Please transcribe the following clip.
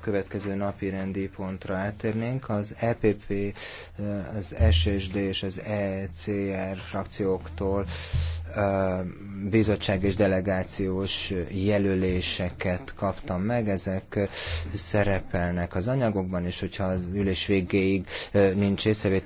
következő napi rendi pontra áttérnénk. Az EPP, az SSD és az ECR frakcióktól bizottság és delegációs jelöléseket kaptam meg, ezek szerepelnek az anyagokban, és hogyha az ülés végéig nincs észrevétel,